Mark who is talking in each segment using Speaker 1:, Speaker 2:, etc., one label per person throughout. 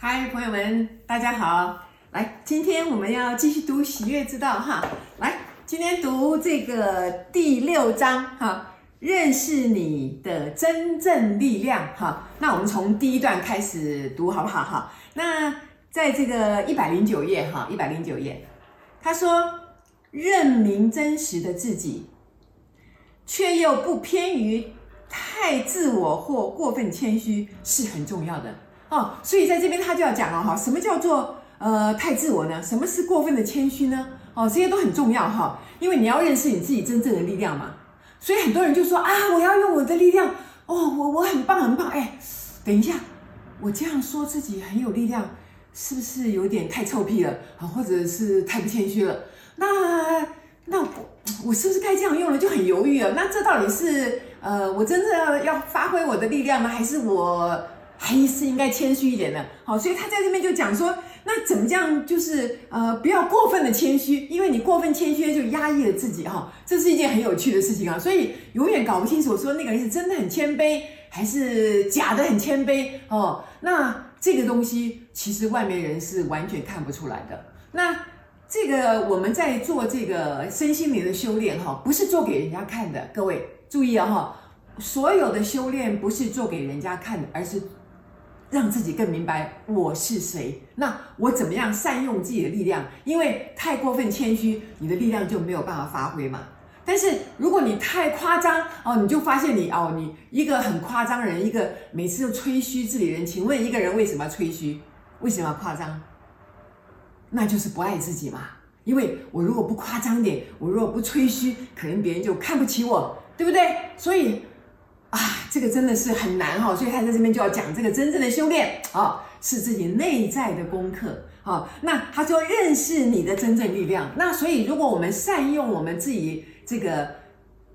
Speaker 1: 嗨，Hi, 朋友們，大家好！來，今天我們要繼續讀《喜悅之道》哈。來，今天讀這個第六章哈，認識你的真正力量哈。那我們從第一段開始讀好不好哈？那在這個一百零九頁哈，一百零九頁，他說：“認明真實的自己，卻又不偏於太自我或過分謙虛，是很重要的。”哦，所以在這邊他就要講了。哈，什麼叫做呃太自我呢？什麼是過分的謙虛呢？哦，這些都很重要哈，因為你要認識你自己真正的力量嘛。所以很多人就說啊，我要用我的力量哦，我我很棒很棒。哎、欸，等一下，我這樣說自己很有力量，是不是有點太臭屁了？啊，或者是太不謙虛了？那那我，我是不是該這樣用了？就很猶豫啊。那這到底是呃，我真的要要發揮我的力量呢，還是我？還是應該謙虛一點的，好，所以他在這邊就講說，那怎麼樣就是呃，不要過分的謙虛，因為你過分謙虛就壓抑了自己哈，這是一件很有趣的事情啊，所以永遠搞不清楚說那個人是真的很謙卑，還是假的很謙卑哦？那這個東西其實外面人是完全看不出來的。那這個我們在做這個身心靈的修煉哈，不是做給人家看的，各位注意哈哦，所有的修煉不是做給人家看的，而是。讓自己更明白我是誰，那我怎麼樣善用自己的力量？因為太過分謙虛，你的力量就沒有辦法發揮嘛。但是如果你太誇張哦，你就發現你哦，你一個很誇張的人，一個每次都吹噓自己的人。請問一個人為什麼要吹噓？為什麼要誇張？那就是不愛自己嘛。因為我如果不誇張點，我如果不吹噓，可能別人就看不起我，對不對？所以。啊，這個真的是很難哈、哦，所以他在這邊就要講這個真正的修煉啊、哦，是自己內在的功課啊、哦。那他說認識你的真正力量，那所以如果我們善用我們自己這個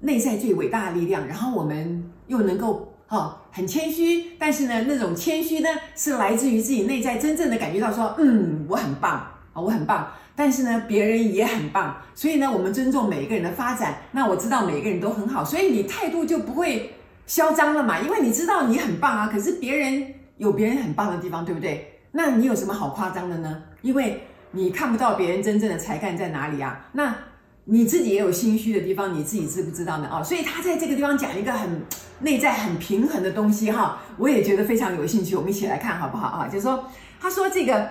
Speaker 1: 內在最偉大的力量，然後我們又能夠哈、哦、很謙虛，但是呢，那種謙虛呢是來自於自己內在真正的感覺到說，嗯，我很棒啊、哦，我很棒，但是呢，別人也很棒，所以呢，我們尊重每一個人的發展。那我知道每一個人都很好，所以你態度就不會囂張了嘛？因為你知道你很棒啊，可是別人有別人很棒的地方，對不對？那你有什麼好誇張的呢？因為你看不到別人真正的才幹在哪裡啊。那你自己也有心虛的地方，你自己知不知道呢？哦，所以他在這個地方講一個很內在很平衡的東西哈，我也覺得非常有興趣，我們一起來看好不好啊？就是說，他說這個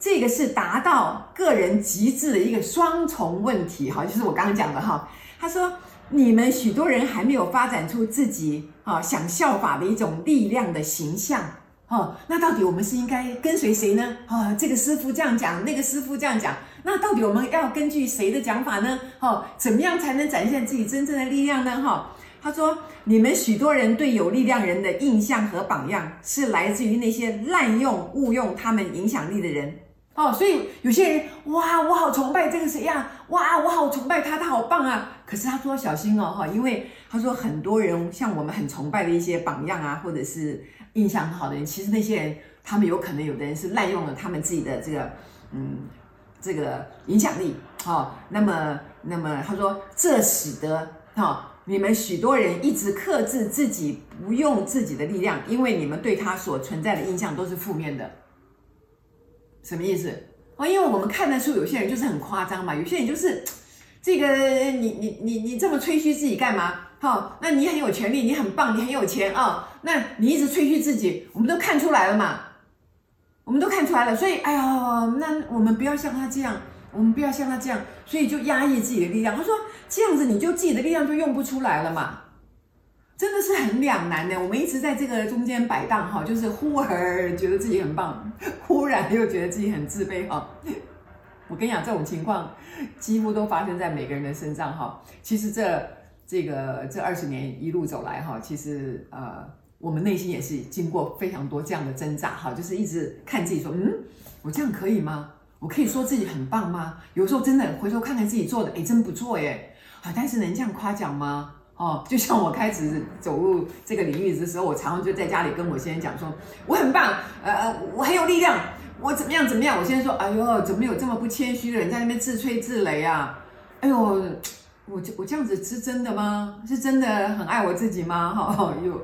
Speaker 1: 這個是達到個人極致的一個雙重問題哈，就是我剛剛講的哈。他說，你們許多人還沒有發展出自己啊想效法的一種力量的形象，哦，那到底我們是應該跟隨誰呢？哦，這個師父這樣講，那個師父這樣講，那到底我們要根據誰的講法呢？哦，怎麼樣才能展現自己真正的力量呢？哈，他說，你們許多人對有力量人的印象和榜樣是來自於那些濫用、誤用他們影響力的人，哦，所以有些人哇，我好崇拜這個誰呀、啊？哇，我好崇拜他，他好棒啊！可是他說小心哦，因為他說很多人像我們很崇拜的一些榜樣啊，或者是印象很好的人，其實那些人他們有可能有的人是濫用了他們自己的這個嗯這個影響力哦。那麼那麼他說這使得哦你們許多人一直克制自己不用自己的力量，因為你們對他所存在的印象都是負面的。什麼意思哦？因為我們看得出有些人就是很誇張嘛，有些人就是。這個你你你你這麼吹噓自己幹嘛？好，oh，那你很有權力，你很棒，你很有錢啊！Oh，那你一直吹噓自己，我們都看出來了嘛？我們都看出來了，所以哎呦，那我們不要像他這樣，我們不要像他這樣，所以就壓抑自己的力量。他說這樣子你就自己的力量就用不出來了嘛，真的是很兩難的。我們一直在這個中間擺盪哈，就是忽而覺得自己很棒，忽然又覺得自己很自卑哈。我跟你講，這種情況幾乎都發生在每個人的身上哈。其實這這個這二十年一路走來哈，其實呃，我們內心也是經過非常多這樣的掙扎哈，就是一直看自己說，嗯，我這樣可以嗎？我可以說自己很棒嗎？有時候真的回頭看看自己做的，哎，真不錯哎，啊，但是能這樣誇獎嗎？哦，就像我開始走入這個領域的時候，我常常就在家裡跟我先生講說，我很棒，呃，我很有力量。我怎麼樣？怎麼樣？我現在說，哎呦，怎麼有這麼不謙虛的人在那邊自吹自擂啊？哎呦，我這我這樣子是真的嗎？是真的很愛我自己嗎？哈，有，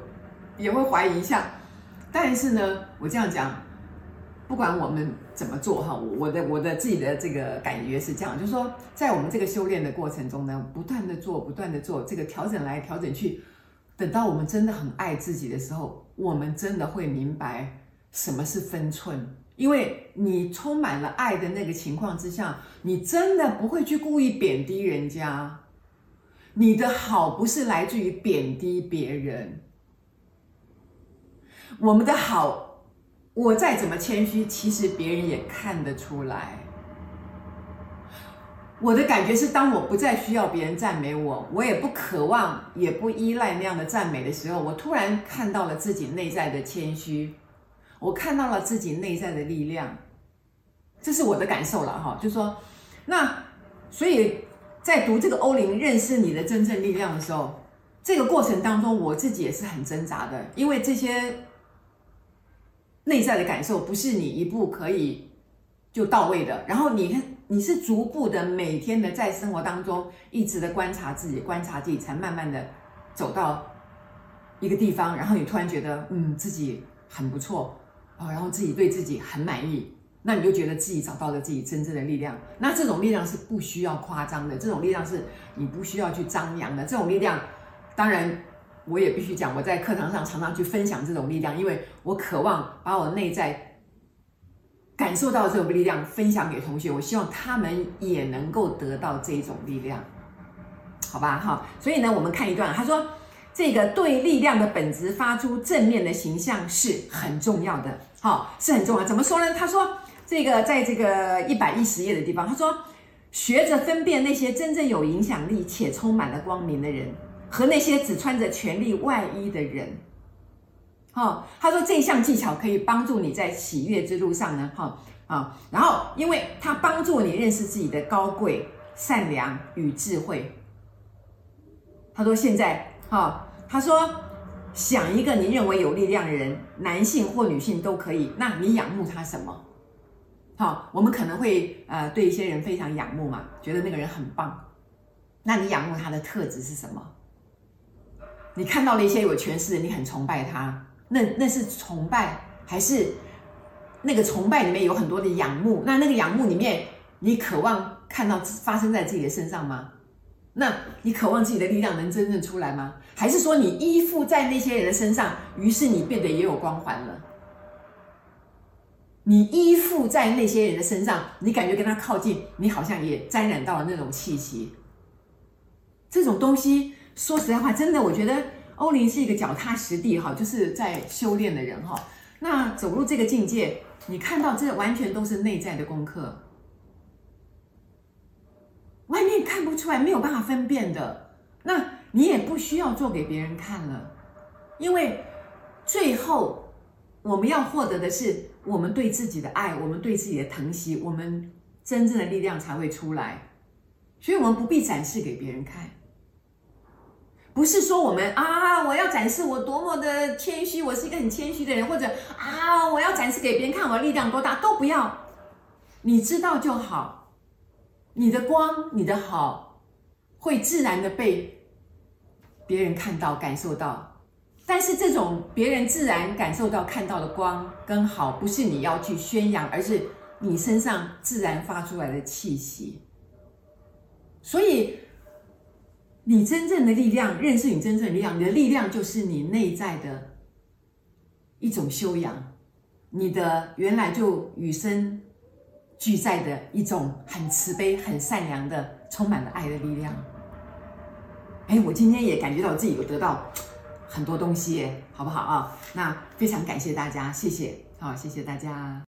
Speaker 1: 也會懷疑一下。但是呢，我這樣講，不管我們怎麼做，哈，我的我的自己的這個感覺是這樣，就是說，在我們這個修煉的過程中呢，不斷的做，不斷的做這個調整來調整去，等到我們真的很愛自己的時候，我們真的會明白，什麼是分寸？因為你充滿了愛的那個情況之下，你真的不會去故意貶低人家。你的好不是來自於貶低別人。我們的好，我再怎麼謙虛，其實別人也看得出來。我的感覺是，當我不再需要別人讚美我，我也不渴望，也不依賴那樣的讚美的時候，我突然看到了自己內在的謙虛。我看到了自己內在的力量，這是我的感受了哈。就說那，所以在讀這個歐林認識你的真正力量的時候，這個過程當中我自己也是很掙扎的，因為這些內在的感受不是你一步可以就到位的。然後你看，你是逐步的、每天的在生活當中一直的觀察自己、觀察自己，才慢慢的走到一個地方，然後你突然覺得嗯，自己很不錯。哦，然後自己對自己很滿意，那你就覺得自己找到了自己真正的力量。那這種力量是不需要誇張的，這種力量是你不需要去張揚的。這種力量，當然，我也必須講，我在課堂上常常去分享這種力量，因為我渴望把我內在感受到這種力量分享給同學，我希望他們也能夠得到這種力量，好吧？哈，所以呢，我們看一段，他說。這個對力量的本質發出正面的形象是很重要的，好、哦，是很重要。怎麼說呢？他說，這個在這個一百一十頁的地方，他說，學着分辨那些真正有影響力且充滿了光明的人，和那些只穿着權力外衣的人。哈、哦，他說這項技巧可以幫助你在喜悅之路上呢，哈、哦、啊、哦。然後，因為他幫助你認識自己的高貴、善良與智慧。他說現在。好、哦，他說想一個你認為有力量的人，男性或女性都可以。那你仰慕他什麼？好、哦，我們可能會呃對一些人非常仰慕嘛，覺得那個人很棒。那你仰慕他的特質是什麼？你看到了一些有權勢的人，你很崇拜他，那那是崇拜還是那個崇拜裡面有很多的仰慕？那那個仰慕裡面，你渴望看到發生在自己的身上嗎？那你渴望自己的力量能真正出來嗎？還是說你依附在那些人的身上，於是你變得也有光環了？你依附在那些人的身上，你感覺跟他靠近，你好像也沾染到了那種氣息。這種東西，說實在話，真的，我覺得歐林是一個腳踏實地哈，就是在修煉的人哈。那走入這個境界，你看到這完全都是內在的功課。看不出來，沒有辦法分辨的，那你也不需要做給別人看了，因為最後我們要獲得的是我們對自己的愛，我們對自己的疼惜，我們真正的力量才會出來，所以我們不必展示給別人看。不是說我們啊，我要展示我多麼的謙虛，我是一個很謙虛的人，或者啊，我要展示給別人看我力量多大，都不要，你知道就好。你的光，你的好，會自然的被別人看到、感受到。但是這種別人自然感受到、看到的光跟好，不是你要去宣揚，而是你身上自然發出來的氣息。所以，你真正的力量，認識你真正的力量，你的力量就是你內在的一種修養，你的原來就與生。具在的一種很慈悲、很善良的，充滿了愛的力量。誒，我今天也感覺到我自己有得到很多東西耶，好不好啊？那非常感謝大家，謝謝，好、哦，謝謝大家。